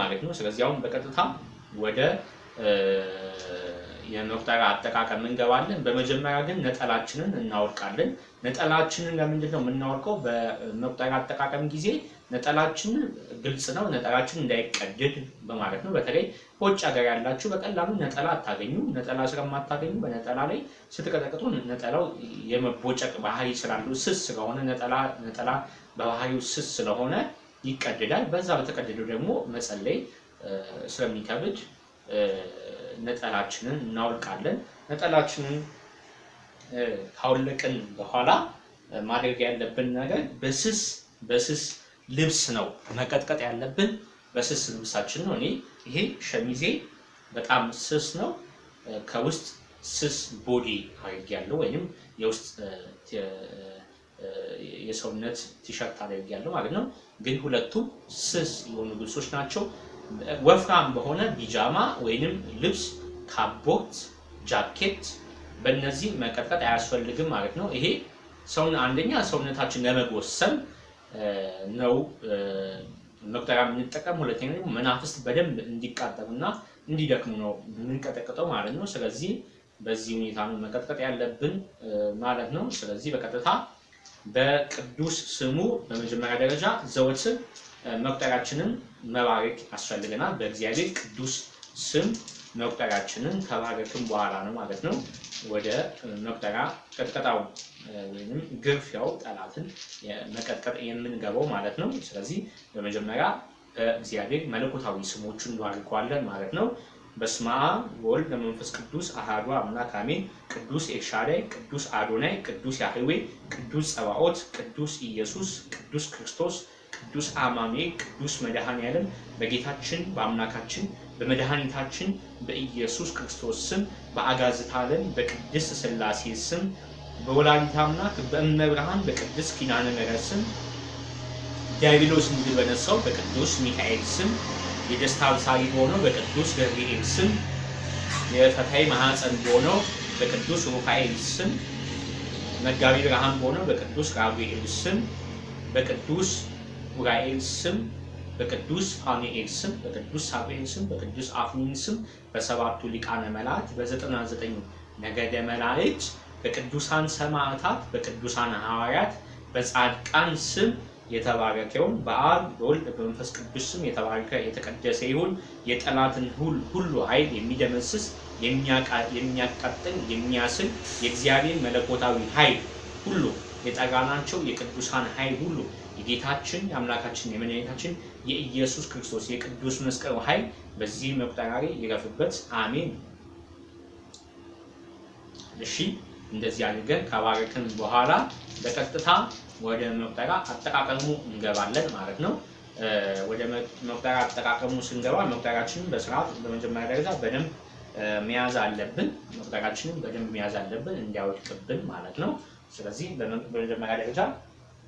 ማለት ነው። ስለዚህ አሁን በቀጥታ ወደ የመቁጠር አጠቃቀም እንገባለን። በመጀመሪያ ግን ነጠላችንን እናወልቃለን። ነጠላችንን ለምንድን ነው የምናወልቀው? በመቁጠር አጠቃቀም ጊዜ ነጠላችን ግልጽ ነው፣ ነጠላችን እንዳይቀድድ በማለት ነው። በተለይ በውጭ ሀገር ያላችሁ በቀላሉ ነጠላ አታገኙ። ነጠላ ስለማታገኙ በነጠላ ላይ ስትቀጠቅጡ ነጠላው የመቦጨቅ ባህሪ ስላለው ስስ ስለሆነ ነጠላ ነጠላ በባህሪው ስስ ስለሆነ ይቀደዳል። በዛ በተቀደደው ደግሞ መጸለይ ስለሚከብድ ነጠላችንን እናወልቃለን። ነጠላችንን ካወለቅን በኋላ ማድረግ ያለብን ነገር በስስ በስስ ልብስ ነው መቀጥቀጥ ያለብን በስስ ልብሳችን ነው። እኔ ይሄ ሸሚዜ በጣም ስስ ነው። ከውስጥ ስስ ቦዲ አድርጌያለሁ ወይም የውስጥ የሰውነት ቲሸርት አድርጌያለሁ ማለት ነው። ግን ሁለቱም ስስ የሆኑ ልብሶች ናቸው። ወፍራም በሆነ ቢጃማ ወይንም ልብስ፣ ካቦት፣ ጃኬት በእነዚህ መቀጥቀጥ አያስፈልግም ማለት ነው። ይሄ ሰውን አንደኛ ሰውነታችን ለመጎሰም ነው መቁጠሪያ የምንጠቀም፣ ሁለተኛ ደግሞ መናፍስት በደንብ እንዲቃጠሉና እንዲደክሙ ነው የምንቀጠቅጠው ማለት ነው። ስለዚህ በዚህ ሁኔታ ነው መቀጥቀጥ ያለብን ማለት ነው። ስለዚህ በቀጥታ በቅዱስ ስሙ በመጀመሪያ ደረጃ ዘወትር መቁጠራችንን መባረክ ያስፈልገናል። በእግዚአብሔር ቅዱስ ስም መቁጠራችንን ከባረክም በኋላ ነው ማለት ነው ወደ መቁጠራ ቀጥቀጣው ወይም ግርፊያው ጠላትን መቀጥቀጥ የምንገባው ማለት ነው። ስለዚህ በመጀመሪያ በእግዚአብሔር መለኮታዊ ስሞቹን እንባርከዋለን ማለት ነው። በስመ አብ ወልድ ለመንፈስ ቅዱስ አሃዶ አምላክ አሜን። ቅዱስ ኤልሻዳይ፣ ቅዱስ አዶናይ፣ ቅዱስ ያህዌ፣ ቅዱስ ጸባኦት፣ ቅዱስ ኢየሱስ፣ ቅዱስ ክርስቶስ፣ ቅዱስ አማሜ ቅዱስ መድሃን ያለን በጌታችን በአምላካችን በመድኃኒታችን በኢየሱስ ክርስቶስ ስም በአጋዕዝተ ዓለም በቅድስት ሥላሴ ስም በወላዲተ አምላክ በእመብርሃን በቅድስት ኪዳነ ምሕረት ስም ዲያብሎስ እንድበነሳው በቅዱስ ሚካኤል ስም የደስታ አብሳሪ በሆነው በቅዱስ ገብርኤል ስም የፈታይ ማህፀን በሆነው በቅዱስ ሩፋኤል ስም መጋቢ ብርሃን በሆነው በቅዱስ ራጉኤል ስም በቅዱስ ኡራኤል ስም በቅዱስ ፋኑኤል ስም በቅዱስ ሳቤል ስም በቅዱስ አፍኒን ስም በሰባቱ ሊቃነ መላእክት በዘጠና ዘጠኝ ነገደ መላእክት በቅዱሳን ሰማዕታት በቅዱሳን ሐዋርያት በጻድቃን ስም የተባረከውን በአብ በወልድ በመንፈስ ቅዱስ ስም የተባረከ የተቀደሰ ይሁን። የጠላትን ሁሉ ኃይል የሚደመስስ የሚያቃጥል የሚያስል የእግዚአብሔር መለኮታዊ ኃይል ሁሉ የጠራናቸው የቅዱሳን ኃይል ሁሉ የጌታችን የአምላካችን የመድኃኒታችን የኢየሱስ ክርስቶስ የቅዱስ መስቀል ኃይል በዚህ መቁጠራሪ ይረፍበት። አሜን። እሺ እንደዚህ አድርገን ከባረክን በኋላ በቀጥታ ወደ መቁጠሪያ አጠቃቀሙ እንገባለን ማለት ነው። ወደ መቁጠሪያ አጠቃቀሙ ስንገባ መቁጠሪያችንን በስርዓት በመጀመሪያ ደረጃ በደንብ መያዝ አለብን። መቁጠሪያችንን በደንብ መያዝ አለብን እንዲያወድቅብን ማለት ነው። ስለዚህ በመጀመሪያ ደረጃ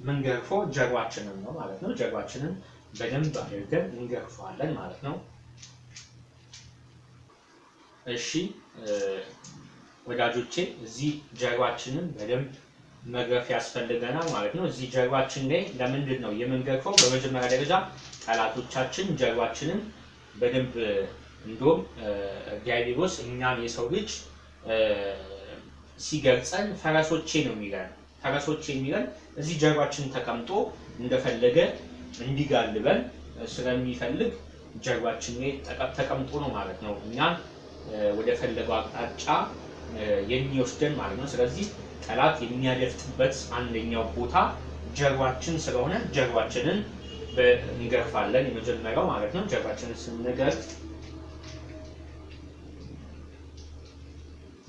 ምንገርፎ ጀርባችንን ነው ማለት ነው። ጀርባችንን በደንብ አድርገን እንገርፈዋለን ማለት ነው። እሺ ወዳጆቼ እዚህ ጀርባችንን በደንብ መግረፍ ያስፈልገናል ማለት ነው። እዚህ ጀርባችን ላይ ለምንድን ነው የምንገርፈው? በመጀመሪያ ደረጃ ጠላቶቻችን ጀርባችንን በደንብ እንዲሁም ዲያብሎስ እኛን የሰው ልጅ ሲገርጸን ፈረሶቼ ነው የሚለን ፈረሶቼ የሚለን እዚህ ጀርባችን ተቀምጦ እንደፈለገ እንዲጋልበን ስለሚፈልግ ጀርባችን ላይ ተቀምጦ ነው ማለት ነው እኛን ወደፈለገው አቅጣጫ የሚወስደን ማለት ነው። ስለዚህ ጠላት የሚያደፍጥበት አንደኛው ቦታ ጀርባችን ስለሆነ ጀርባችንን እንገርፋለን። የመጀመሪያው ማለት ነው። ጀርባችንን ስንገርፍ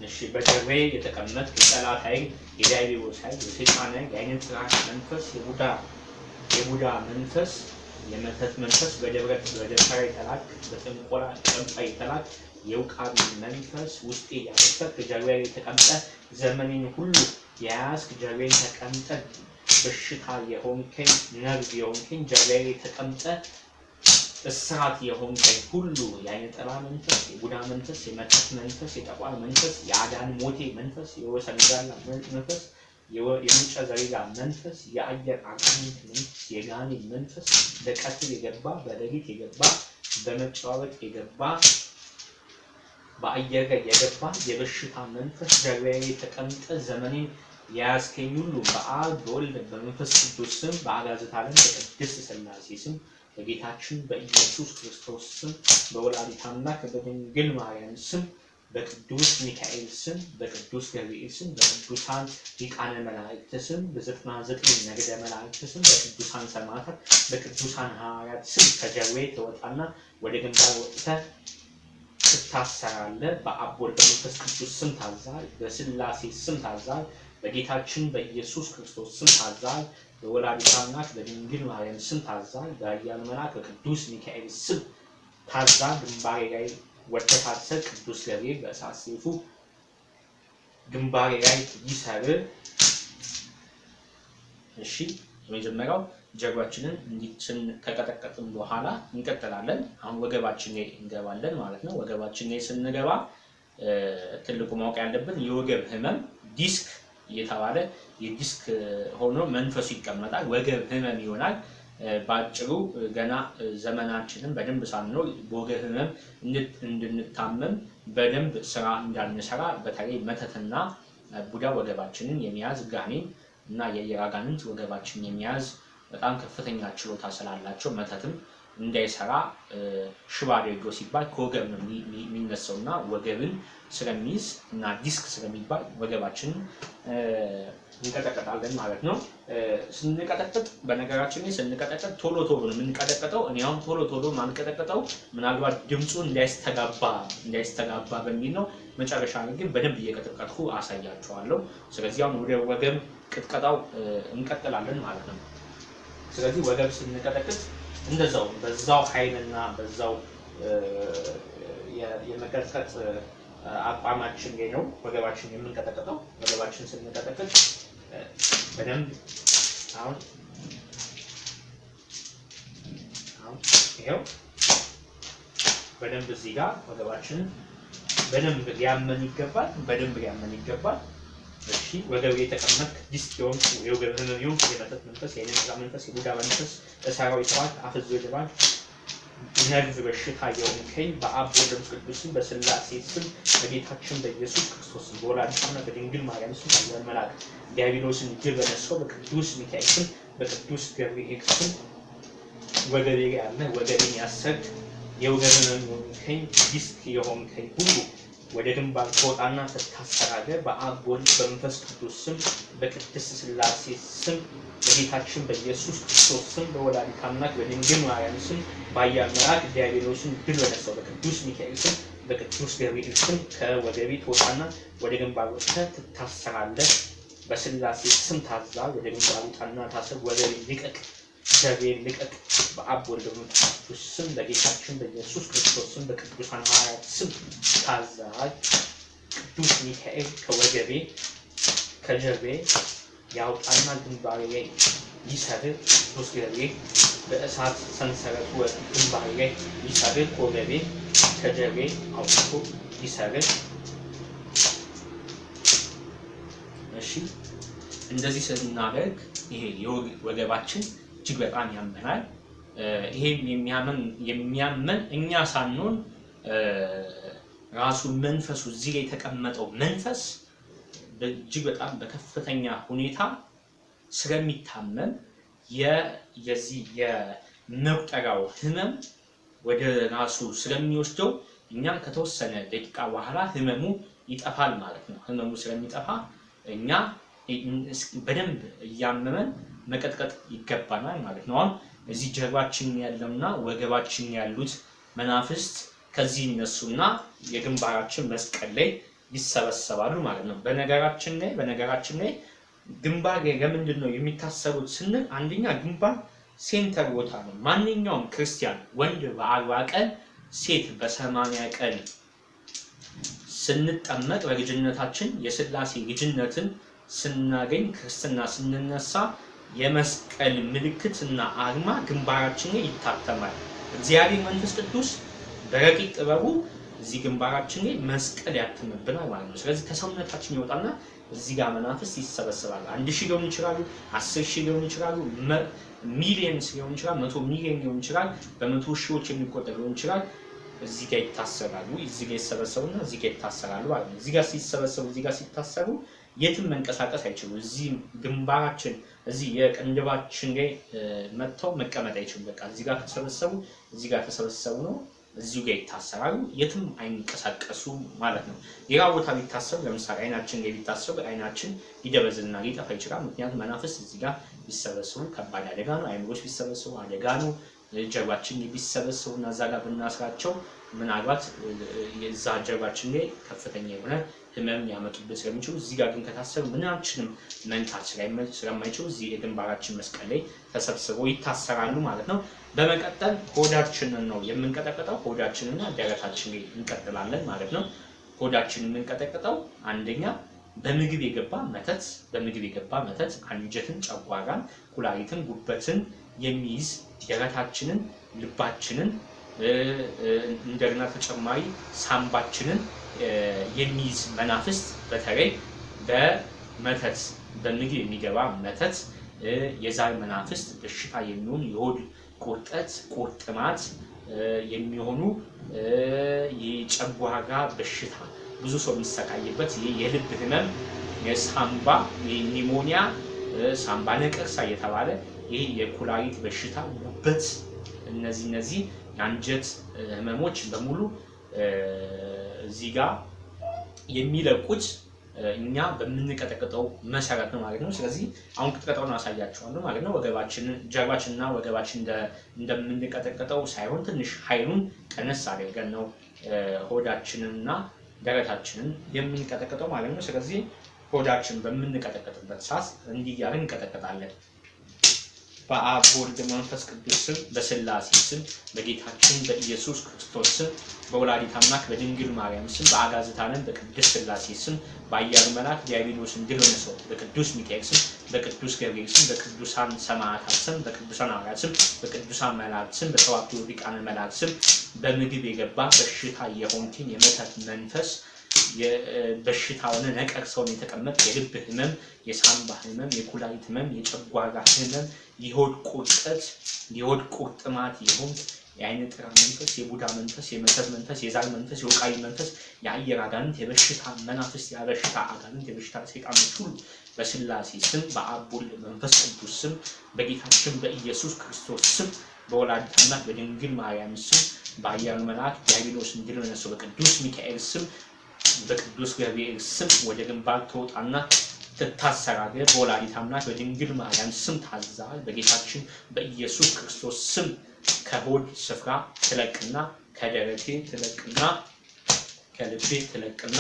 እሺ፣ በጀርቤ የተቀመጥ የጠላት ኃይል፣ የዲያብሎስ ኃይል፣ የሰይጣን ኃይል፣ የአይነት ጥራት መንፈስ፣ የቡዳ የቡዳ መንፈስ፣ የመተት መንፈስ በደብረ በደብተራ የተላክ በጥንቆላ ጨምጣ የተላክ የውቃቢ መንፈስ ውስጤ ያፈሰት ከእግዚአብሔር የተቀምጠ ዘመኔን ሁሉ የያዝክ እግዚአብሔርን ተቀምጠ በሽታ የሆንከኝ ነርቭ የሆንከኝ እግዚአብሔር የተቀምጠ እስራት የሆንከኝ ሁሉ የአይነ ጥላ መንፈስ፣ የቡዳ መንፈስ፣ የመተት መንፈስ፣ የጠቋር መንፈስ፣ የአዳን ሞቴ መንፈስ፣ የወሰንጋላ መንፈስ የምንጨ ዘሪጋ መንፈስ የአየር አጋንንት መንፈስ የጋኔ መንፈስ በቀትል የገባ በሌሊት የገባ በመጨዋወጥ የገባ በአየር ጋር የገባ የበሽታ መንፈስ ዳግቢያዊ የተቀምጠ ዘመኔን የያዝከኝ ሁሉ በአብ በወልድ በመንፈስ ቅዱስ ስም በአጋዕዝተ ዓለም በቅድስት ሥላሴ ስም በጌታችን በኢየሱስ ክርስቶስ ስም በወላዲተ አምላክ በድንግል ማርያም ስም በቅዱስ ሚካኤል ስም በቅዱስ ገብርኤል ስም በቅዱሳን ሊቃነ መላእክት ስም በዘጠና ዘጠኝ ነገደ መላእክት ስም በቅዱሳን ሰማዕታት በቅዱሳን ሐዋርያት ስም ከጀርባዬ ተወጣና ወደ ግንባር ወጥተህ ትታሰራለህ። በአቦል በመንፈስ ቅዱስ ስም ታዛል። በስላሴ ስም ታዛል። በጌታችን በኢየሱስ ክርስቶስ ስም ታዛል። በወላዲተ አምላክ በድንግል ማርያም ስም ታዛል። በኃያሉ መልአክ በቅዱስ ሚካኤል ስም ታዛል። ግንባሬ ላይ ወተታሰር ቅዱስ ገብርኤል በእሳት ሰይፉ ግንባሬ ላይ ይሰብር። እሺ የመጀመሪያው ጀርባችንን ከቀጠቀጥን በኋላ እንቀጥላለን። አሁን ወገባችን ላይ እንገባለን ማለት ነው። ወገባችን ላይ ስንገባ ትልቁ ማወቅ ያለብን የወገብ ህመም ዲስክ እየተባለ የዲስክ ሆኖ መንፈሱ ይቀመጣል። ወገብ ህመም ይሆናል። በአጭሩ ገና ዘመናችንን በደንብ ሳንኖር በወገብ ህመም እንድንታመም በደንብ ስራ እንዳንሰራ በተለይ መተትና ቡዳ ወገባችንን የሚያዝ ጋኔን እና የአየር አጋንንት ወገባችን የሚያዝ በጣም ከፍተኛ ችሎታ ስላላቸው መተትም እንዳይሰራ ሽባ ሬዲዮ ሲባል ከወገብ ነው የሚነሳው እና ወገብን ስለሚይዝ እና ዲስክ ስለሚባል ወገባችንን እንቀጠቀጣለን ማለት ነው። ስንቀጠቀጥ በነገራችን ላይ ስንቀጠቅጥ ቶሎ ቶሎ ነው የምንቀጠቅጠው። እኔ አሁን ቶሎ ቶሎ ማንቀጠቅጠው ምናልባት ድምፁ እንዳይስተጋባ እንዳይስተጋባ በሚል ነው። መጨረሻ ላይ ግን በደንብ እየቀጠቀጥኩ አሳያችኋለሁ። ስለዚህ አሁን ወደ ወገብ ቅጥቀጣው እንቀጥላለን ማለት ነው። ስለዚህ ወገብ ስንቀጠቅጥ እንደዛው በዛው ኃይልና በዛው የመቀጥቀጥ አቋማችን ላይ ነው ወገባችን የምንቀጠቅጠው። ወገባችን ስንቀጠቅጥ በደንብ አሁን አሁን ይኸው በደንብ እዚህ ጋር ወገባችንን በደንብ ሊያመን ይገባል። በደንብ ሊያመን ይገባል። እሺ ወገብ የተቀመጥክ ዲስት የሆንክ የወገብ ህመም የሆንክ የመተት መንፈስ፣ የነዛ መንፈስ፣ የቡዳ መንፈስ፣ እሳራዊ ሰባት አፍዞ ይልባል ነርቭ በሽታ የሚገኝ በአብ ወመንፈስ ቅዱስም በስላሴ ስም በጌታችን በኢየሱስ ክርስቶስ በወላዲቱና በድንግል ማርያም ስም አየር መልአክ ዲያብሎስን ድል በነሳው በቅዱስ ሚካኤል ስም በቅዱስ ገብርኤል ስም ወገቤ ያለ ወገቤን ያሰድ የወገብ ህመም ዲስክ የሆንከኝ ሁሉ ወደ ድንባር ትወጣና ትታሰራለህ። በአብ በወልድ በመንፈስ ቅዱስ ስም በቅድስት ስላሴ ስም በጌታችን በኢየሱስ ክርስቶስ ስም በወላዲተ አምላክ በድንግል ማርያም ስም በአያ መልአክ ዲያብሎስን ድል በነሳው በቅዱስ ሚካኤል ስም በቅዱስ ገብርኤል ስም ከወገቤ ትወጣና ወደ ግንባር ወጥተ ትታሰራለህ። በስላሴ ስም ታዛ ወደ ግንባር ውጣና ታሰር፣ ወገቤ ልቀቅ እግዚአብሔር ልቀቅ። በአብ ወልድ በመንፈስ ቅዱስ ስም በጌታችን በኢየሱስ ክርስቶስ ስም በቅዱሳን ሐዋርያት ስም ታዛዥ ቅዱስ ሚካኤል ከወገቤ ከጀርቤ ያውጣና ግንባሬ ላይ ይሰርር። ቅዱስ ገብርኤል በእሳት ሰንሰረቱ ግንባሬ ላይ ይሰርር። ከወገቤ ከጀርቤ አውጥቶ ይሰርር። እሺ፣ እንደዚህ ስናደርግ ይሄ የወገባችን እጅግ በጣም ያመናል። ይሄም የሚያመን እኛ ሳንሆን ራሱ መንፈሱ እዚህ ላይ የተቀመጠው መንፈስ እጅግ በጣም በከፍተኛ ሁኔታ ስለሚታመም የዚህ የመቁጠሪያው ህመም ወደ ራሱ ስለሚወስደው እኛም ከተወሰነ ደቂቃ በኋላ ህመሙ ይጠፋል ማለት ነው። ህመሙ ስለሚጠፋ እኛ በደንብ እያመመን መቀጥቀጥ ይገባናል ማለት ነው። አሁን እዚህ ጀርባችን ያለውና ወገባችን ያሉት መናፍስት ከዚህ ይነሱና የግንባራችን መስቀል ላይ ይሰበሰባሉ ማለት ነው። በነገራችን ላይ በነገራችን ላይ ግንባር ለምንድን ነው የሚታሰሩት ስንል አንደኛ ግንባር ሴንተር ቦታ ነው። ማንኛውም ክርስቲያን ወንድ በአርባ ቀን ሴት በሰማንያ ቀን ስንጠመቅ በልጅነታችን የስላሴ ልጅነትን ስናገኝ ክርስትና ስንነሳ የመስቀል ምልክት እና አርማ ግንባራችን ላይ ይታተማል። እግዚአብሔር መንፈስ ቅዱስ በረቂቅ ጥበቡ እዚህ ግንባራችን ላይ መስቀል ያትምብናል ማለት ነው። ስለዚህ ከሰውነታችን ይወጣና እዚህ ጋር መናፍስት ይሰበሰባሉ። አንድ ሺህ ሊሆን ይችላሉ፣ አስር ሺህ ሊሆን ይችላሉ፣ ሚሊየንስ ሊሆን ይችላል፣ መቶ ሚሊየን ሊሆን ይችላል፣ በመቶ ሺዎች የሚቆጠር ሊሆን ይችላል። እዚህ ጋር ይታሰራሉ። እዚህ ጋር ይሰበሰቡና እዚህ ጋር ይታሰራሉ ማለት ነው። እዚህ ጋር ሲሰበሰቡ እዚህ ጋር ሲታሰሩ የትም መንቀሳቀስ አይችሉም። እዚህ ግንባራችን እዚህ የቅንድባችን ጋ መጥተው መቀመጥ አይችሉም። በቃ እዚህ ጋር ከተሰበሰቡ እዚህ ጋር ተሰበሰቡ ነው እዚሁ ጋር ይታሰራሉ። የትም አይንቀሳቀሱ ማለት ነው። ሌላ ቦታ ቢታሰሩ ለምሳሌ አይናችን ጋ ቢታሰሩ አይናችን ሊደበዝና ሊጠፋ ይችላል። ምክንያቱም መናፍስ እዚህ ጋር ቢሰበስቡ ከባድ አደጋ ነው። አይምሮች ቢሰበስቡ አደጋ ነው። ጀርባችን ቢሰበስቡ እና እዛ ጋር ብናስራቸው ምናልባት የዛ ጀርባችን ላይ ከፍተኛ የሆነ ህመም ያመጡብን ስለሚችሉ እዚህ ጋር ግን ከታሰሩ ምናችንም መንካት ስለማይችሉ እዚህ የግንባራችን መስቀል ላይ ተሰብስበው ይታሰራሉ ማለት ነው። በመቀጠል ሆዳችንን ነው የምንቀጠቅጠው። ሆዳችንና ደረታችን ላይ እንቀጥላለን ማለት ነው። ሆዳችንን የምንቀጠቅጠው አንደኛ በምግብ የገባ መተት በምግብ የገባ መተት አንጀትን፣ ጨጓራን፣ ኩላሊትን፣ ጉበትን የሚይዝ ደረታችንን፣ ልባችንን እንደገና ተጨማሪ ሳምባችንን የሚይዝ መናፍስት በተለይ በመተት በምግብ የሚገባ መተት የዛር መናፍስት በሽታ የሚሆን የሆድ ቁርጠት፣ ቁርጥማት የሚሆኑ የጨጓራ በሽታ ብዙ ሰው የሚሰቃይበት የልብ ህመም፣ የሳምባ የኒሞኒያ፣ ሳምባ ነቀርሳ እየተባለ ይህ የኩላሊት በሽታ ጉበት እነዚህ እነዚህ የአንጀት ህመሞች በሙሉ እዚህ ጋር የሚለቁት እኛ በምንቀጠቅጠው መሰረት ነው ማለት ነው። ስለዚህ አሁን ነው አሳያቸዋለሁ ማለት ነው። ወገባችንን ጀርባችንና ወገባችን እንደምንቀጠቅጠው ሳይሆን ትንሽ ኃይሉን ቀነስ አድርገን ነው ሆዳችንንና ደረታችንን የምንቀጠቅጠው ማለት ነው። ስለዚህ ሆዳችን በምንቀጠቅጥበት ሰዓት እንዲህ እያልን እንቀጠቅጣለን። በአብ ወልድ መንፈስ ቅዱስ ስም በስላሴ ስም በጌታችን በኢየሱስ ክርስቶስ ስም በወላዲት አምላክ በድንግል ማርያም ስም በአጋዝታንን በቅዱስ ስላሴ ስም በአያሉ መልአክ ዲያብሎስን ድል ነስቶ በቅዱስ ሚካኤል ስም በቅዱስ ገብርኤል ስም በቅዱሳን ሰማዕታት ስም በቅዱሳን ሐዋርያት ስም በቅዱሳን መላእክት ስም በሰባቱ ሊቃነ መላእክት ስም በምግብ የገባ በሽታ የሆንቲን የመተት መንፈስ በሽታውን ነቀር ሰውን የተቀመጥ የልብ ህመም፣ የሳምባ ህመም፣ የኩላሊት ህመም፣ የጨጓራ ህመም የሆድ ቁርጠት፣ የሆድ ቁርጥማት የሆድ የአይነ ጥራ መንፈስ፣ የቡዳ መንፈስ፣ የመተት መንፈስ፣ የዛር መንፈስ፣ የወቃዊ መንፈስ፣ የአየር አጋንንት፣ የበሽታ መናፍስት፣ የበሽታ አጋንንት፣ የበሽታ ሰይጣኖች ሁሉ በስላሴ ስም በአብ መንፈስ ቅዱስ ስም በጌታችን በኢየሱስ ክርስቶስ ስም በወላዲተ አምላክ በድንግል ማርያም ስም በአያሉ መልአክ ዲያብሎስ ድል በነሳው በቅዱስ ሚካኤል ስም በቅዱስ ገብርኤል ስም ወደ ግንባር ተወጣና ትታሰራለ በወላዲት አምላክ በድንግል ማርያም ስም ታዝዛል። በጌታችን በኢየሱስ ክርስቶስ ስም ከሆድ ስፍራ ትለቅና ከደረቴ ትለቅና ከልቤ ትለቅና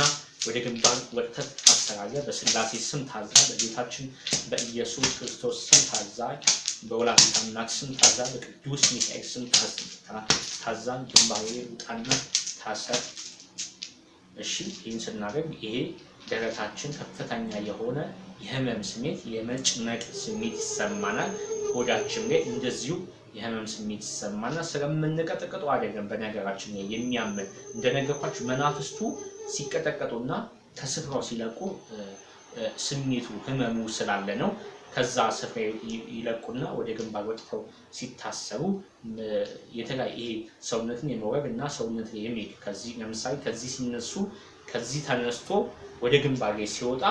ወደ ግንባር ወጥተህ ታሰራለ። በስላሴ ስም ታዛ፣ በጌታችን በኢየሱስ ክርስቶስ ስም ታዛ፣ በወላዲተ አምላክ ስም ታዛ፣ በቅዱስ ሚካኤል ስም ታዛ። ግንባሬ ውጣና ታሰር። እሺ፣ ይህን ስናደርግ ይሄ ደረታችን ከፍተኛ የሆነ የህመም ስሜት፣ የመጭመቅ ስሜት ይሰማናል። ሆዳችን ላይ እንደዚሁ የህመም ስሜት ይሰማናል። ስለምንቀጠቅጡ አይደለም በነገራችን ላይ የሚያምን እንደነገርኳችሁ መናፍስቱ ሲቀጠቀጡና ከስፍራው ሲለቁ ስሜቱ ህመሙ ስላለ ነው። ከዛ ስፍራ ይለቁና ወደ ግንባር ወጥተው ሲታሰሩ የተለያየ ይሄ ሰውነትን የመውረብ እና ሰውነት የሚሄድ ከዚህ ለምሳሌ ከዚህ ሲነሱ ከዚህ ተነስቶ ወደ ግንባሬ ሲወጣ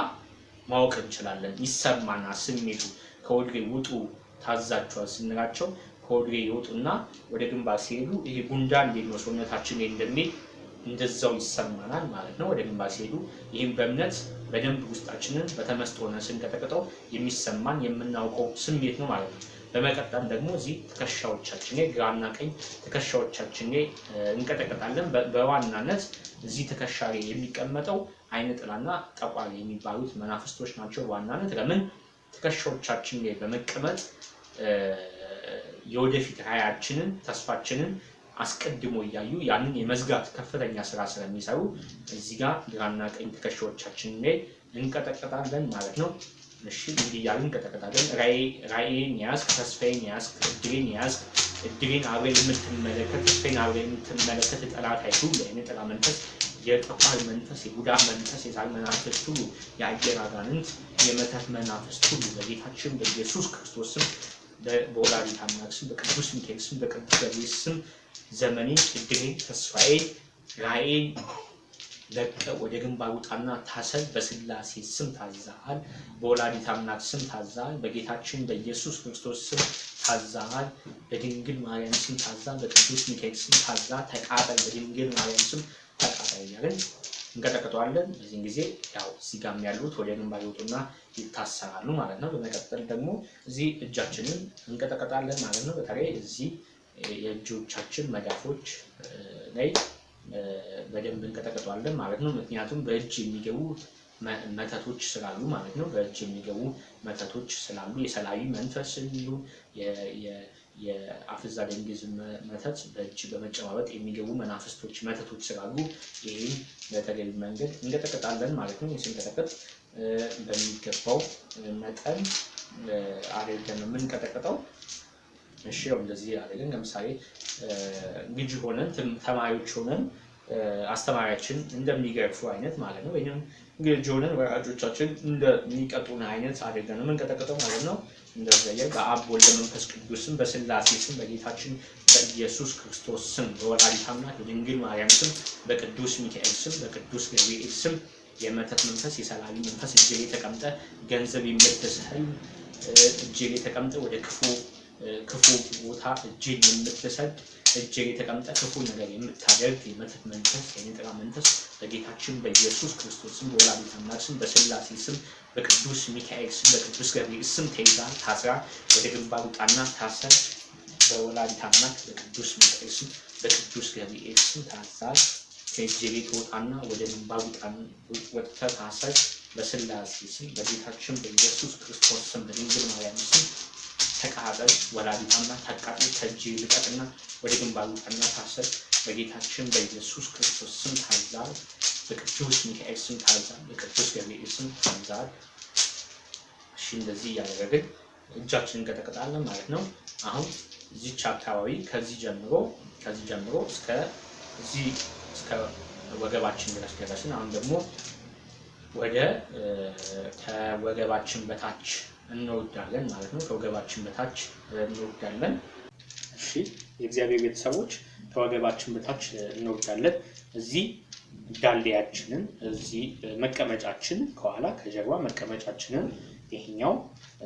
ማወቅ እንችላለን። ይሰማና ስሜቱ ከወድሬ ውጡ ታዛቸዋል ስንላቸው ከወድሬ ይወጡና ወደ ግንባር ሲሄዱ ይሄ ጉንዳ እንዴት ነው ሰውነታችን ላይ እንደሚል እንደዛው ይሰማናል ማለት ነው። ወደ ግንባር ሲሄዱ ይህም በእምነት በደንብ ውስጣችንን በተመስጦ ሆነን ስንቀጠቅጠው የሚሰማን የምናውቀው ስሜት ነው ማለት ነው። በመቀጠል ደግሞ እዚህ ትከሻዎቻችን ግራና ቀኝ ትከሻዎቻችን እንቀጠቀጣለን። በዋናነት እዚህ ትከሻ ላይ የሚቀመጠው አይነ ጥላና ጠቋሚ የሚባሉት መናፍስቶች ናቸው። በዋናነት ለምን ትከሻዎቻችን ላይ በመቀመጥ የወደፊት ሀያችንን ተስፋችንን አስቀድሞ እያዩ ያንን የመዝጋት ከፍተኛ ስራ ስለሚሰሩ እዚህ ጋር ግራና ቀኝ ትከሻዎቻችን ላይ እንቀጠቀጣለን ማለት ነው። እሺ እንዲህ እያልን ቀጠቀጣለን። ራእይን ያዝክ፣ ተስፋዬን ያዝክ፣ እድሬን ያዝክ፣ እድሬን አብረን የምትመለከት ተስፋዬን አብረን የምትመለከት የጠላት ኃይል ሁሉ የዓይነ ጥላ መንፈስ፣ የጠቋር መንፈስ፣ የጉዳት መንፈስ፣ የሳል መናፈስ ሁሉ፣ የአየር አጋንንት፣ የመተት መናፈስ ሁሉ በጌታችን በኢየሱስ ክርስቶስ ስም በወላዲተ አምላክ ስም በቅዱስ ሚካኤል ስም በቅዱስ ገብርኤል ስም ዘመኔን፣ እድሬን፣ ተስፋዬን፣ ራእይን ለቀ ወደ ግንባር ውጣና ታሰል። በስላሴ ስም ታዛሃል፣ በወላዲት አምላክ ስም ታዛሃል፣ በጌታችን በኢየሱስ ክርስቶስ ስም ታዛሃል፣ በድንግል ማርያም ስም ታዛ፣ በቅዱስ ሚካኤል ስም ታዛ ተቃጠል፣ በድንግል ማርያም ስም ተቃጠል እያለን እንቀጠቅጠዋለን። በዚህን ጊዜ ያው እዚህ ጋም ያሉት ወደ ግንባር ይወጡና ይታሰራሉ ማለት ነው። በመቀጠል ደግሞ እዚህ እጃችንን እንቀጠቀጣለን ማለት ነው። በተለይ እዚህ የእጆቻችን መዳፎች ላይ በደንብ እንቀጠቅጠዋለን ማለት ነው። ምክንያቱም በእጅ የሚገቡ መተቶች ስላሉ ማለት ነው። በእጅ የሚገቡ መተቶች ስላሉ የሰላዊ መንፈስ የሚሆን የአፍዛ ደንግዝ መተት በእጅ በመጨባበጥ የሚገቡ መናፍስቶች መተቶች ስላሉ ይህም በተገቢ መንገድ እንቀጠቅጣለን ማለት ነው። ስንቀጠቅጥ በሚገባው መጠን አድርገን የምንቀጠቅጠው እሺ ያው እንደዚህ አደግን። ለምሳሌ ግጅ ሆነን ተማሪዎች ሆነን አስተማሪያችን እንደሚገርፉ አይነት ማለት ነው። ወይም ግጅ ሆነን ወላጆቻችን እንደሚቀጡን አይነት አደገ ነው የምንቀጠቅጠው ማለት ነው። እንደዚያ በአብ ወልድ መንፈስ ቅዱስም በስላሴ ስም በጌታችን በኢየሱስ ክርስቶስ ስም በወላዲተ አምላክ በድንግል ማርያም ስም በቅዱስ ሚካኤል ስም በቅዱስ ገብርኤል ስም የመተት መንፈስ የሰላቢ መንፈስ እጅ ላይ ተቀምጠ ገንዘብ የምትስህል እጅ ላይ ተቀምጠ ወደ ክፉ ክፉ ቦታ እጅን የምትሰድ እጅን የተቀምጠ ክፉ ነገር የምታደርግ የመተት መንፈስ፣ የንጥራ መንፈስ በጌታችን በኢየሱስ ክርስቶስም ስም በወላዲተ አምላክ ስም በስላሴ ስም በቅዱስ ሚካኤል ስም በቅዱስ ገብርኤል ስም ተይዛ ታስራ ወደ ግንባር ውጣና ታሰር። በወላዲተ አምላክ በቅዱስ ሚካኤል ስም በቅዱስ ገብርኤል ስም ታሰር። ከእጅ ቤት ወጣና ወደ ግንባር ወጥተ ታሰር። በስላሴ ስም በጌታችን በኢየሱስ ክርስቶስ ስም በድንግል ማርያም ስም ተቃጠል፣ ወላዲታና አምላክ አቃጥል፣ ከእጄ ልቀቅና ወደ ግንባሩ ቀና ታሰር። በጌታችን በኢየሱስ ክርስቶስ ስም ታዛል። በቅዱስ ሚካኤል ስም ታዛል። በቅዱስ ገብርኤል ስም ታዛል። እሺ፣ እንደዚህ እያደረግን እጃችን ቀጠቅጣለን ማለት ነው። አሁን እዚች አካባቢ ከዚህ ጀምሮ ከዚህ ጀምሮ እስከ እዚህ እስከ ወገባችን ድረስ ደረስን። አሁን ደግሞ ወደ ከወገባችን በታች እንወዳለን ማለት ነው። ከወገባችን በታች እንወዳለን። እሺ የእግዚአብሔር ቤተሰቦች ከወገባችን በታች እንወዳለን። እዚህ ዳሌያችንን እዚህ መቀመጫችን ከኋላ ከጀርባ መቀመጫችንን ይሄኛው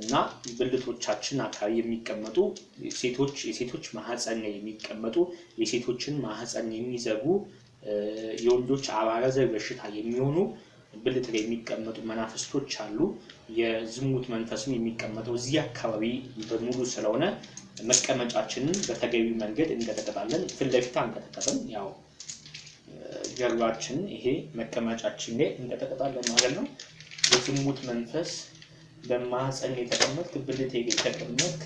እና ብልቶቻችን አካባቢ የሚቀመጡ ሴቶች የሴቶች ማህፀን ላይ የሚቀመጡ የሴቶችን ማህፀን የሚዘጉ የወንዶች አባረዘር በሽታ የሚሆኑ ብልት ላይ የሚቀመጡ መናፍስቶች አሉ። የዝሙት መንፈስም የሚቀመጠው እዚህ አካባቢ በሙሉ ስለሆነ መቀመጫችንን በተገቢ መንገድ እንቀጠቀጣለን። ፊት ለፊት አንቀጠቀጥም። ያው ጀርባችን ይሄ መቀመጫችን ላይ እንቀጠቀጣለን ማለት ነው። የዝሙት መንፈስ በማህፀን የተቀመጥክ ብልት የተቀመጥክ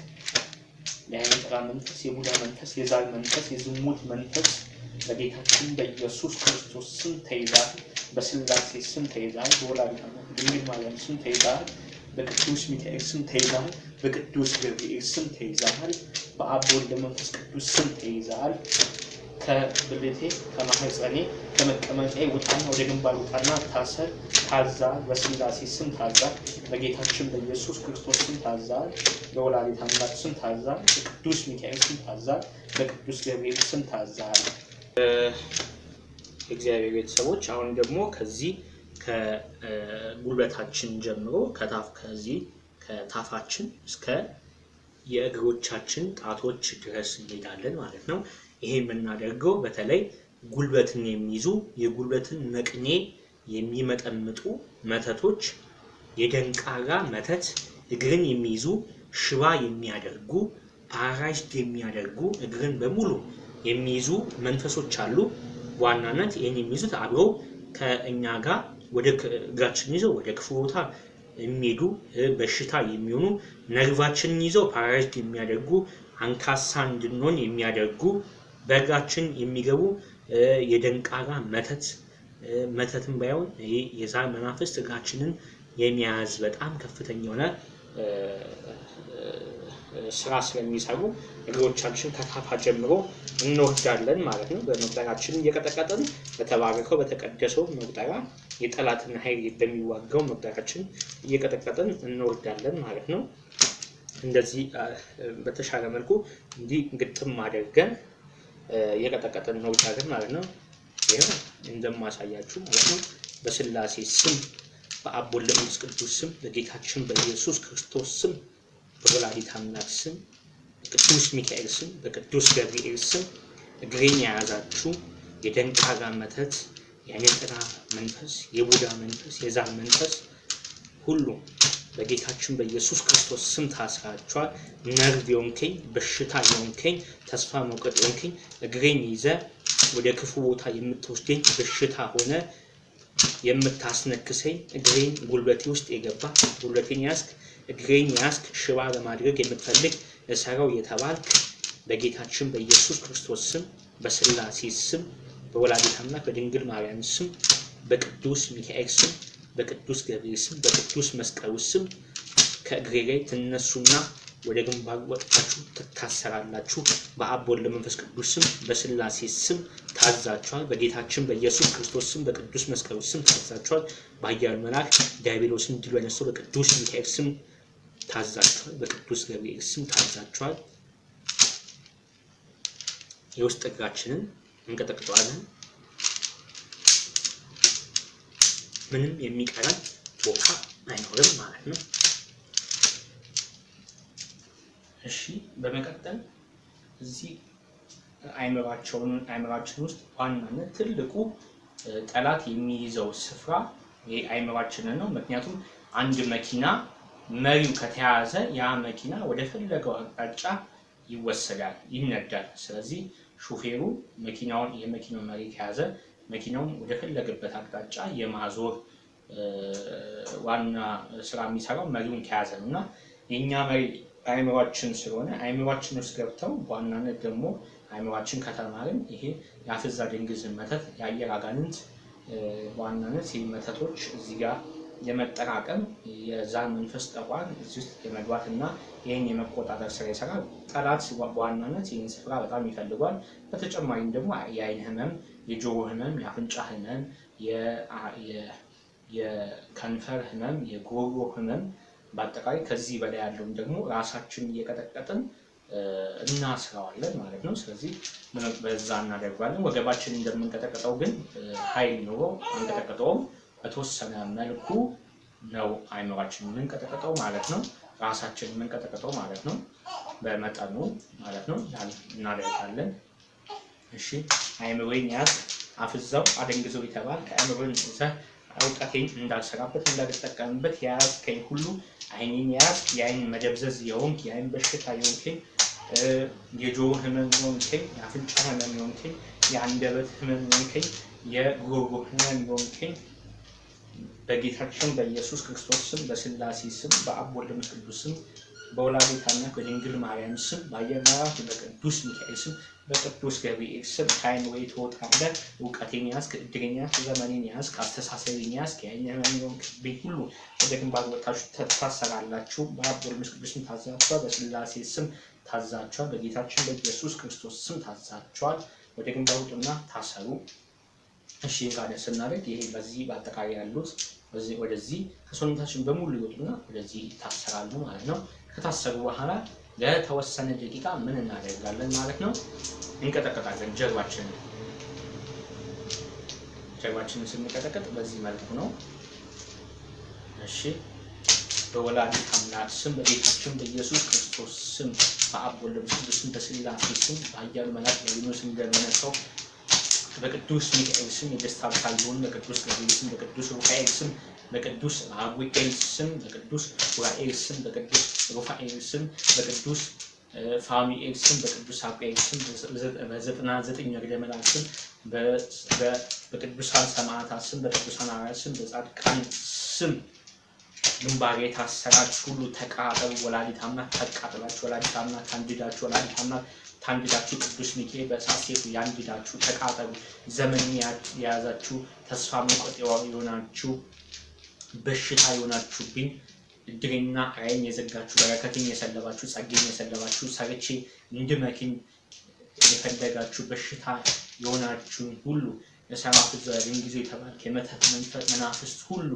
የአይንጥራ መንፈስ፣ የቡዳ መንፈስ፣ የዛል መንፈስ፣ የዝሙት መንፈስ በጌታችን በኢየሱስ ክርስቶስ ስም ተይዛል። በስላሴ ስም ተይዛል፣ በወላዲተ ድንግል ማርያም ስም ተይዛል፣ በቅዱስ ሚካኤል ስም ተይዛል፣ በቅዱስ ገብርኤል ስም ተይዛል፣ በአብ ወልድ መንፈስ ቅዱስ ስም ተይዛል። ከብልቴ ከማህፀኔ ከመቀመጫ ውጣና ወደ ግንባር ውጣና ታሰር ታዛ በስላሴ ስም ታዛ በጌታችን በኢየሱስ ክርስቶስ ስም ታዛ በወላዲተ አምላክ ስም ታዛ በቅዱስ ሚካኤል ስም ታዛ በቅዱስ ገብርኤል ስም ታዛል። የእግዚአብሔር ቤተሰቦች አሁን ደግሞ ከዚህ ከጉልበታችን ጀምሮ ከታፍ ከዚህ ከታፋችን እስከ የእግሮቻችን ጣቶች ድረስ እንሄዳለን ማለት ነው። ይሄ የምናደርገው በተለይ ጉልበትን የሚይዙ የጉልበትን መቅኔ የሚመጠምጡ መተቶች፣ የደንቃራ መተት፣ እግርን የሚይዙ ሽባ የሚያደርጉ አራጅድ የሚያደርጉ እግርን በሙሉ የሚይዙ መንፈሶች አሉ። ዋናነት ይህን የሚይዙት አብረው ከእኛ ጋር ወደ እግራችን ይዘው ወደ ክፉ ቦታ የሚሄዱ በሽታ የሚሆኑ ነርቫችንን ይዘው ፓራላይዝድ የሚያደርጉ አንካሳ እንድንሆን የሚያደርጉ በእግራችን የሚገቡ የደንቃራ መተት መተትም ባይሆን ይሄ የዛር መናፍስት እግራችንን የሚያዝ በጣም ከፍተኛ የሆነ ስራ ስለሚሰሩ እግሮቻችን ከካፋ ጀምሮ እንወርዳለን ማለት ነው። በመቁጠራችን እየቀጠቀጠን በተባረከው በተቀደሰው መቁጠራ የጠላትን ኃይል በሚዋጋው መቁጠራችን እየቀጠቀጠን እንወርዳለን ማለት ነው። እንደዚህ በተሻለ መልኩ እንዲህ ግጥም አድርገን እየቀጠቀጠን እንወርዳለን ማለት ነው። ይህ እንደማሳያችሁ ማለት ነው። በስላሴ ስም በአብ ቅዱስ ስም በጌታችን በኢየሱስ ክርስቶስ ስም በወላዲተ አምላክ ስም በቅዱስ ሚካኤል ስም በቅዱስ ገብርኤል ስም እግሬን የያዛችሁ የደንቃጋ መተት፣ የአየጥራ መንፈስ፣ የቡዳ መንፈስ፣ የዛር መንፈስ ሁሉ በጌታችን በኢየሱስ ክርስቶስ ስም ታስራችኋል። ነርቭ የሆንከኝ፣ በሽታ የሆንከኝ፣ ተስፋ መውቀጥ የሆንከኝ እግሬን ይዘ ወደ ክፉ ቦታ የምትወስደኝ በሽታ ሆነ የምታስነክሰኝ እግሬን ጉልበቴ ውስጥ የገባ ጉልበቴን ያስክ እግሬን ያስክ ሽባ ለማድረግ የምትፈልግ እሰረው የተባልክ በጌታችን በኢየሱስ ክርስቶስ ስም በስላሴ ስም በወላዲተ አምላክ በድንግል ማርያም ስም በቅዱስ ሚካኤል ስም በቅዱስ ገብርኤል ስም በቅዱስ መስቀሉ ስም ከእግሬ ላይ ትነሱና ወደ ግንባር ወጥታችሁ ትታሰራላችሁ። በአብ ወልድ መንፈስ ቅዱስ ስም በስላሴ ስም ታዛችኋል። በጌታችን በኢየሱስ ክርስቶስ ስም በቅዱስ መስቀሉ ስም ታዛችኋል። በኃያሉ መልአክ ዲያብሎስን ድል ያነሳው በቅዱስ ሚካኤል ስም ታዛችኋል። በቅዱስ ገብርኤል ስም ታዛችኋል። የውስጥ እግራችንን እንቀጠቅጠዋለን። ምንም የሚቀረን ቦታ አይኖርም ማለት ነው። እሺ፣ በመቀጠል እዚህ አይምራችን ውስጥ ዋናነት ትልቁ ጠላት የሚይዘው ስፍራ ይህ አይምራችንን ነው። ምክንያቱም አንድ መኪና መሪው ከተያዘ ያ መኪና ወደ ፈለገው አቅጣጫ ይወሰዳል፣ ይነዳል። ስለዚህ ሹፌሩ መኪናውን የመኪናው መሪ ከያዘ መኪናውን ወደ ፈለገበት አቅጣጫ የማዞር ዋና ስራ የሚሰራው መሪውን ከያዘ ነው እና የእኛ መሪ አይምሯችን ስለሆነ አይምሯችን ውስጥ ገብተው በዋናነት ደግሞ አይምሯችን ከተማርን ይሄ የአፍዛ ድንግዝን መተት የአየር አጋንንት በዋናነት ይህ መተቶች እዚህ ጋር የመጠራቀም የዛን መንፈስ ጠቋን እዚህ ውስጥ እና ይህን የመቆጣጠር ስራ ይሰራል። ጠላት በዋናነት ይህን ስፍራ በጣም ይፈልጓል። በተጨማሪም ደግሞ የአይን ህመም፣ የጆሮ ህመም፣ የአፍንጫ ህመም፣ የከንፈር ህመም፣ የጎጎ ህመም በአጠቃላይ ከዚህ በላይ ያለውም ደግሞ ራሳችን እየቀጠቀጥን እናስረዋለን ማለት ነው። ስለዚህ በዛ እናደርጓለን። ወገባችን እንደምንቀጠቀጠው ግን ኃይል ኖሮ አንቀጠቀጠውም። በተወሰነ መልኩ ነው አይምሯችን የምንቀጠቀጠው ማለት ነው። ራሳችን የምንቀጠቀጠው ማለት ነው። በመጠኑ ማለት ነው እናደርጋለን። እሺ አይምሮን ያዝ፣ አፍዛው፣ አደንግዘው የተባል ከአይምሮን ዘ እውቀቴን እንዳልሰራበት እንዳልጠቀምበት የያዝከኝ ሁሉ አይኔን ያዝ፣ የአይን መደብዘዝ የሆንክ የአይን በሽታ የሆንከኝ የጆሮ ህመም የሆንከኝ የአፍንጫ ህመም የሆንከኝ የአንደበት ህመም የሆንከኝ የጉሮሮ ህመም የሆንከኝ በጌታችን በኢየሱስ ክርስቶስ ስም በስላሴ ስም በአብ ወልድ መንፈስ ቅዱስ ስም በወላዲታና በድንግል ማርያም ስም በአየር በቅዱስ ሚካኤል ስም በቅዱስ ገብርኤል ስም ከዓይን ወይ ትወጣለህ። እውቀቴን ያዝክ፣ እድገኛ ዘመኔን ያዝክ፣ አስተሳሰቤን ያዝክ። የአይነመኒውን ክቤ ሁሉ ወደ ግንባር ወጣችሁ ታሰራላችሁ። በአብ ወልድ መንፈስ ቅዱስ ስም ታዛችኋል። በስላሴ ስም ታዛችኋል። በጌታችን በኢየሱስ ክርስቶስ ስም ታዛችኋል። ወደ ግንባር ውጡና ታሰሩ። እሺ ጋር ስናደርግ ይሄ በዚህ በአጠቃላይ ያሉት በዚህ ወደዚህ ከሰውነታችን በሙሉ ይወጡና ወደዚህ ይታሰራሉ ማለት ነው። ከታሰሩ በኋላ ለተወሰነ ደቂቃ ምን እናደርጋለን ማለት ነው? እንቀጠቀጣለን ጀርባችንን። ጀርባችንን ስንቀጠቀጥ በዚህ መልኩ ነው። እሺ በወላዲ አምላክ ስም በጌታችን በኢየሱስ ክርስቶስ ስም በአብ ወልድ በመንፈስ ቅዱስ ስም በስላሴ ስም በኃያሉ መልአክ በሊኖስ እንደመነሳው በቅዱስ ሚካኤል ስም የደስታ አምሳል የሆኑ በቅዱስ ገብርኤል ስም፣ በቅዱስ ሩፋኤል ስም፣ በቅዱስ አቡቄል ስም፣ በቅዱስ ኡራኤል ስም፣ በቅዱስ ሩፋኤል ስም፣ በቅዱስ ፋሚኤል ስም፣ በቅዱስ አቁኤል ስም፣ በዘጠና ዘጠኝ ነገደ መላእክት ስም፣ በቅዱሳን ሰማዕታት ስም፣ በቅዱሳን ሐዋርያት ስም፣ በጻድቃን ስም ግንባር የታሰራችሁ ሁሉ ተቃጠሉ። ወላዲት አምላክ ተቃጠላችሁ። ወላዲት አምላክ ታንድዳችሁ፣ ወላዲት አምላክ ታንግዳችሁ ቅዱስ ሚካኤል በእሳት ሴቱ ያንግዳችሁ ተቃጠሉ። ዘመን የያዛችሁ ተስፋ መቁረጥ የሆናችሁ በሽታ የሆናችሁብኝ እድሬና ራይን የዘጋችሁ በረከትን የሰለባችሁ ጸጌን የሰለባችሁ ሰርቼ እንድመኪን የፈለጋችሁ በሽታ የሆናችሁን ሁሉ የሰማዕቱ ዘር ጊዜ የተባልክ የመተት መንፈስ መናፍስት ሁሉ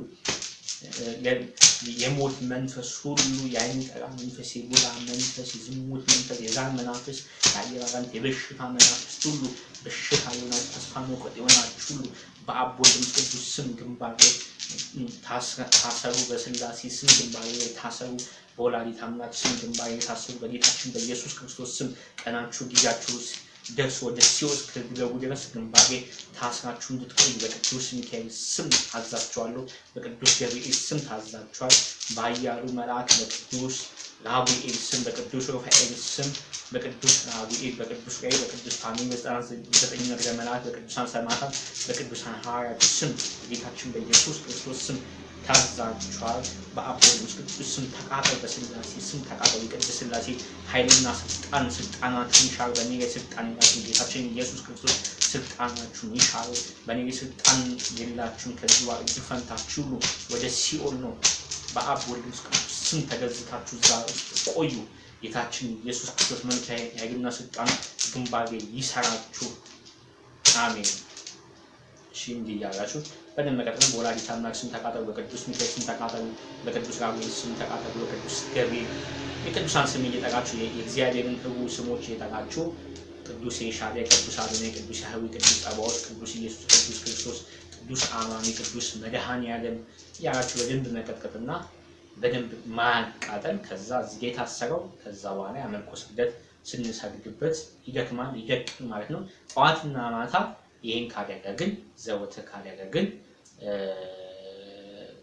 የሞት መንፈስ ሁሉ የአይን ጠቃ መንፈስ፣ የጎዳ መንፈስ፣ የዝሙት መንፈስ፣ የዛር መናፍስት፣ የአየራራንት የበሽታ መናፍስት ሁሉ በሽታ የሆና ተስፋ መቁረጥ የሆናችሁ ሁሉ በአብ ወልድ ቅዱስ ስም ግንባር ላይ ታሰሩ። በስላሴ ስም ግንባር ላይ ታሰሩ። በወላዲተ አምላክ ስም ግንባር ላይ ታሰሩ። በጌታችን በኢየሱስ ክርስቶስ ስም ቀናችሁ ጊዜያችሁ ደርስ ወደ ሲዮስ እስክትገቡ ድረስ ግንባሬ ታስራችሁ እንድትቆዩ በቅዱስ ሚካኤል ስም ታዛችኋለሁ፣ በቅዱስ ገብርኤል ስም ታዛችኋል። በአያሉ መልአክ በቅዱስ ራጉኤል ስም፣ በቅዱስ ሩፋኤል ስም፣ በቅዱስ ራጉኤል፣ በቅዱስ ራኤል፣ በቅዱስ ፋሚል፣ በዘጠኝ ነግረ መልአክ፣ በቅዱሳን ሰማዕታት፣ በቅዱሳን ሐዋርያት ስም በጌታችን በኢየሱስ ክርስቶስ ስም ታዛችኋል። በአፖሎስ ቅዱስ ስም ተቃጠል፣ በስላሴ ስም ተቃጠል። የቅድስት ስላሴ ኃይልና ስልጣን ስልጣናችሁን ይሻር። በኔ ስልጣን የላችሁ ጌታችን ኢየሱስ ክርስቶስ ስልጣናችሁን ይሻሩ። በኔ ስልጣን የላችሁን ከዚህ እጅ ፈንታችሁ ሁሉ ወደ ሲኦል ነው። በአብ ወልድ ቅዱስ ስም ተገዝታችሁ እዛ ውስጥ ቆዩ። ጌታችን ኢየሱስ ክርስቶስ መልካዬ ኃይልና ስልጣን ግንባሬ ይሰራችሁ። አሜን። ሺንዲ እያላችሁ በደንብ መቀጠል በወላዲተ አምላክ ስም ተቃጠሉ፣ በቅዱስ ሚካኤል ስም ተቃጠሉ፣ በቅዱስ ራጉኤል ስም ተቃጠሉ፣ በቅዱስ ገብርኤል የቅዱሳን ስም እየጠቃችሁ የእግዚአብሔርን ህቡ ስሞች እየጠቃችሁ ቅዱስ የሻቢያ ቅዱስ አብነ ቅዱስ ያህዊ ቅዱስ ጠባዎት ቅዱስ ኢየሱስ ቅዱስ ክርስቶስ ቅዱስ አማኒ ቅዱስ መድሃን ዓለም እያላችሁ በደንብ መቀጥቀጥና በደንብ ማቃጠል። ከዛ እዚህ የታሰረው ከዛ በኋላ ያመልኮ ስግደት ስንሰግድበት ይደክማል ይደቅም ማለት ነው። ጠዋትና ማታ ይህን ካደረግን ዘወትር ግን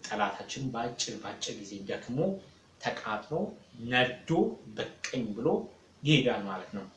ጠላታችን በአጭር በአጭር ጊዜ ደክሞ ተቃጥሎ ነዶ በቀኝ ብሎ ይሄዳል ማለት ነው።